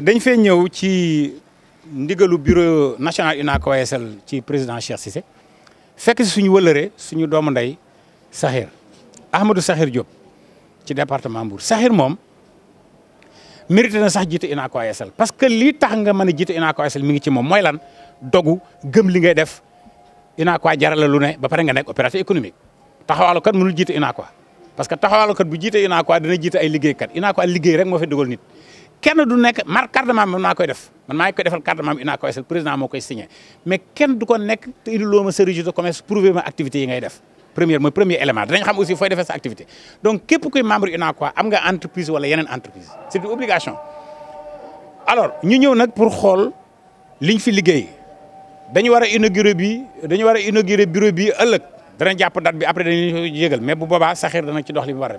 dañ fee ñew ci ndigalu bureau national UNACOIS Yessal ci président Cheikh Cissé fekk ci suñu wëlëré suñu doom nday sahir Ahmadou sahir Diop ci département Mbour sahir mom mérité na sax jiite UNACOIS Yessal parce que li tax nga mëna mi ngi ci mom moy lan dogu gëm li ngay def UNACOIS jaral lu ne ba paré nga nek opération économique taxawalukat mënul jiite UNACOIS parce que kat bu jiite UNACOIS dina jiite ay liggéeykat UNACOIS liggéey rek mo fi dugal nit kenn du nekk mar carte de membre naa koy def man maa ngi koy defal carte de membre UNACOIS le président moo koy signé mais kenn du ko nekk te indi loo sa registre de commerce prouver ma activité yi ngay def première mooy premier élément dinañ xam aussi fooy defee sa activité donc képp kuy membre UNACOIS am nga entreprise wala yeneen entreprise c'est une obligation alors ñu ñëw nag pour xool liñ fi liggéey dañu war a inauguré bi dañu war a inauguré bureau bi ëllëg dana jàpp date bi après dañu yëgal mais bu boobaa saxir dana ci dox li mu war a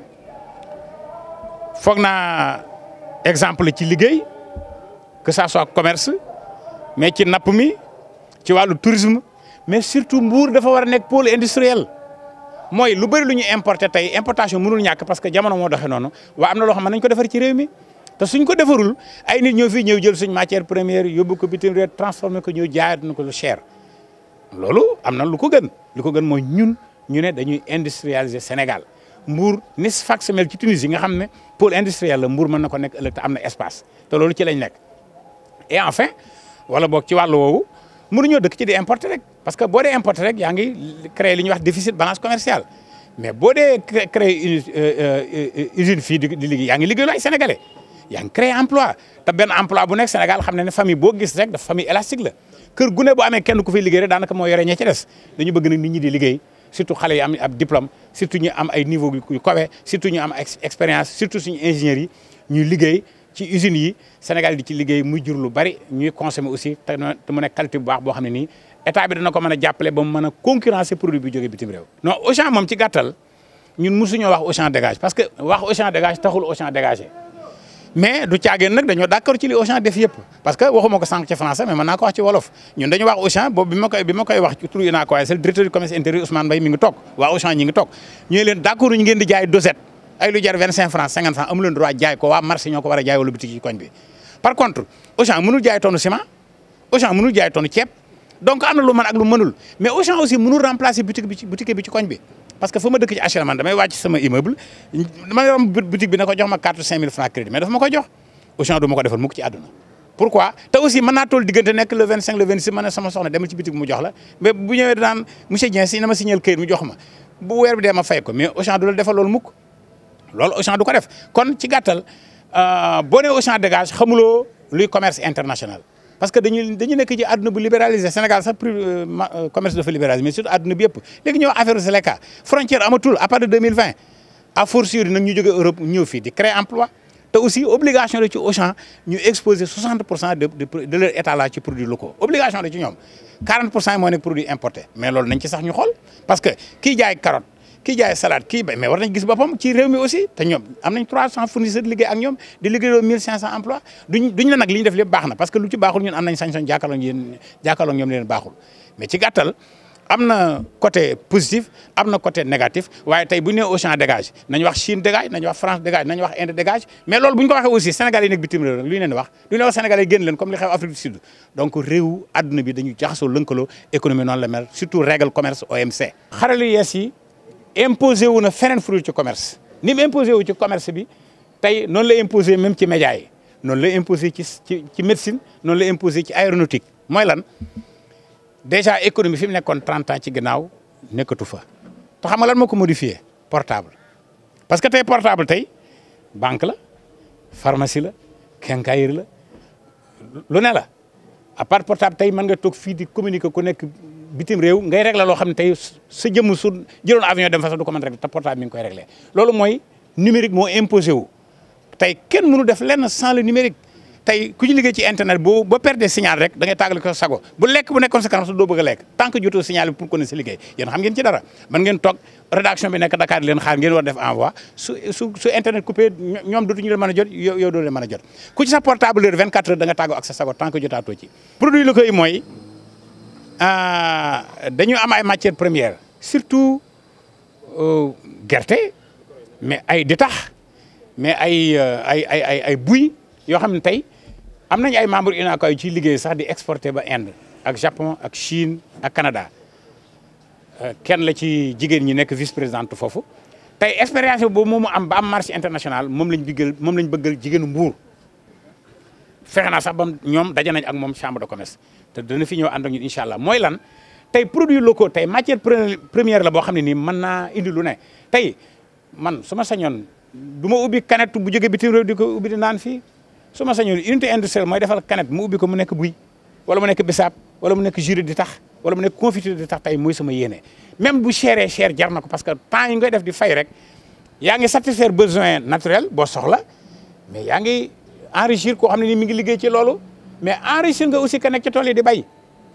foog naa exemple ci liguey que ça soit commerce mais ci napp mi ci walu tourisme mais surtout Mbour dafa wara nek pôle industriel moy lu bari lu ñu importer tay importation mënul ñak parce que jamono mo doxee nonu wa amna lo xam nañ ko defar ci réew mi te suñ ko defarul ay nit ñoo fi ñew jël suñ matière première yóbbu ko bitim réew transformé ko ñu jaar na ko lu cher lolu amna lu ko gën lu ko gën moy ñun ñu né dañuy industrialiser Sénégal mbuur ni mel ci Tunisie nga xamné ne pôle industriel la mbuur mën na ko nekk ëllëg espace té lolu ci lañ nek et enfin wala bok ci walu wowo mënu ñu dëkk ci di importer rek parce que bo dé importer rek ya ngi créer li ñuy wax déficit balance commerciale mais bo dé créer une euh, euh, euh, usine fi di liggéey ya ngi liggéeyaloo ay sénégalais ya ngi créer emploi té ben emploi bu nek Sénégal xamné né famille bo gis rek da famille élastique la kër gu ne amé kenn ku fi liggéey rek daanaka mo yoré ña ci dess dañu bëgg nag nit ñi di liggéey surtout xalé yi am diplôme surtout ñu am ay niveau yu si surtout ñu am expérience surtout suñu ingénieurs yi ñuy liggéey ci usine yi Sénégal di ci liggéey muy jur lu bari ñuy consommer aussi té mu né qualité bu baax bo xamné nous état bi dana ko mëna jappalé ba mu concurrencer produit bi joggé bitim non ci ñun wax dégage parce que wax dégage taxul dégagé. mais du caageen nag dañoo d'accord ci li Auchan def yëpp parce que waxuma ko sànq mais mën naa wax ci wolof ñun dañu wax Auchan boobu ma koy jaay dosette ay lu jar jaay ko ceeb donc am na lu mën ak lu mais Auchan aussi mënul remplacer bitik bi ci koñ bi parce que fuma dëkk ci HLM man damay wacc sama immeuble dama yor boutique bi nako jox ma carte 5000 francs crédit mais dafa mako jox au champ ma ko defal mukk ci aduna pourquoi ta aussi man na tol digënté nek le 25 le 26 man sama soxna dem ci boutique mu jox la mais bu ñëwé daan monsieur dien si na ma signaler këyit mu jox ma bu wër bi dee ma fay ko mais champ du la defal loolu mukk au champ du ko def kon ci euh, boné au champ de gage xamulo luy commerce international parce que dañu dañu nek ci aduna bu libéralisé Sénégal sax euh, euh, commerce de libéralisé mais surtout bien bi yëpp léegi ñëw affaire frontière amatul à part de 2020 a fourni nak ñu jógee Europe ñeu fi di créer emploi te aussi obligation de ci Auchan ñu exposer 60 de de leur étalage ci produits locaux obligation de ci ñom 40 des produits produits mais lool nañ ci sax ñu parce que qui jaay carotte kii jaay salade kii bay mais war nañ gis boppam ci réew aussi te ñoom am nañ 300 fournisseurs liggéey ak ñoom di liggéeyloo 1500 emplois duñ duñ la nag li ñu def lépp baax na parce que lu ci baaxul ñun am nañ sañ-sañ jàkkaarloo yéen jàkkaarloo ñoom leen baaxul mais ci gàttal amna côté positif amna côté négatif waaye tey bu ñu nee Auchan dégage nañ wax Chine dégage nañ wax France dégage nañ wax Inde dégage mais loolu bu ko waxee aussi Sénégal yi nekk bitim réew lu ñu leen wax lu ñu wax Sénégal yi leen comme li xew Afrique du Sud donc réew àdduna bi dañu jaxasoo lënkaloo économie non la mer surtout règle commerce OMC xarala yees imposé wu na feneen furu ci commerce ni mu imposé wu ci commerce bi tey noonu não imposé même ci média yi noonu la imposé ci ci ci médecine noonu la imposé ci aéronautique mooy lan déjà économie fi mu nekkoon 30 ans ci ginnaaw nekkatu fa te xam nga lan moo ko portable parce que tey portable tey banque la pharmacie la quincaillerie la lu ne la à part portable tey mën nga toog fii di communiquer ku nekk bitim réew ngay régler loo xam ne tey sa su jëloon avion dem fa sax du ko mën régler te portable mi ngi koy régler loolu mooy numérique moo imposé wu kenn mënu def lenn sans le numérique tey ku ci liggéey ci internet boo ba perdre signal rek da ngay lekk bu nekkoon sa kanam sa doo bëgg a lekk tant que jotoo signal bi pour ko ne sa liggéey yéen xam ngeen ci leen xaar ngeen war def envoi su internet coupé ñoom dootuñu leen mën a jot yow doo leen mën a jot ku ci sa portable heure 24 heures da nga tàggoo ak sa sago tant que jotaatoo ci produit la mooy Euh, dañu am ay matières premières surtout les euh, mais ay mais euh, ay ay ay ay membres qui sax Inde ak Japon ak Chine ak Canada Ken la vice présidente expérience am ba am marché international fexe sax bam ñom dajé nañ ak mom chambre de commerce té dañu fi ñëw and ak ñun inshallah allah lan tay produits locaux tay matière première la bo xamni ni nii mën indi lu né tay man suma sañon duma ubi canette bu jóge bitim réew di ubi ubbi di naan fii su ma unité industrielle moy défal canette mu ubi ko mu nekk buy wala mu nekk bisaab wala mu nekk juré di tax wala mu nekk confiture di tax tay moy sama yéné même bu chéré cher jar ko parce que temps yi ngoy def di fay rek yaa ngi satisfaire besoin naturel bo soxla mais enrichir koo xam ne ni mi ngi liggéey ci loolu mais enrichir nga aussi ka nekk ci tool yi di bay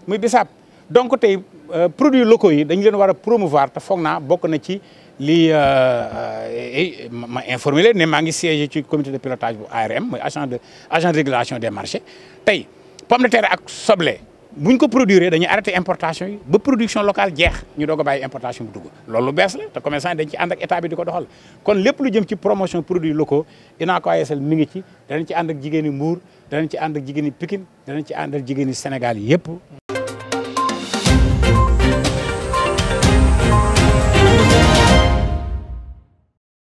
muy bisaab donc tey euh, produits locaux yi dañu leen war a promouvoir te foog naa bokk na ci li euh, euh, ma informé leen ne maa ngi siégé ci comité de pilotage bu ARM mooy agent de agent de régulation des marchés tey pomme de terre ak soble bu ñu ko produire dañuy arrêté importation yi ba production locale jeex ñu doog a bàyyi importation bu dugg loolu bees la te commerçant dañ ci ànd état bi di ko doxal kon lépp lu jëm ci promotion produits locaux INACO ASL a ngi ci danañ ci ànd ak jigéeni Mbour danañ ci ànd ak jigéeni Pikine danañ ci ànd ak jigéeni Sénégal yëpp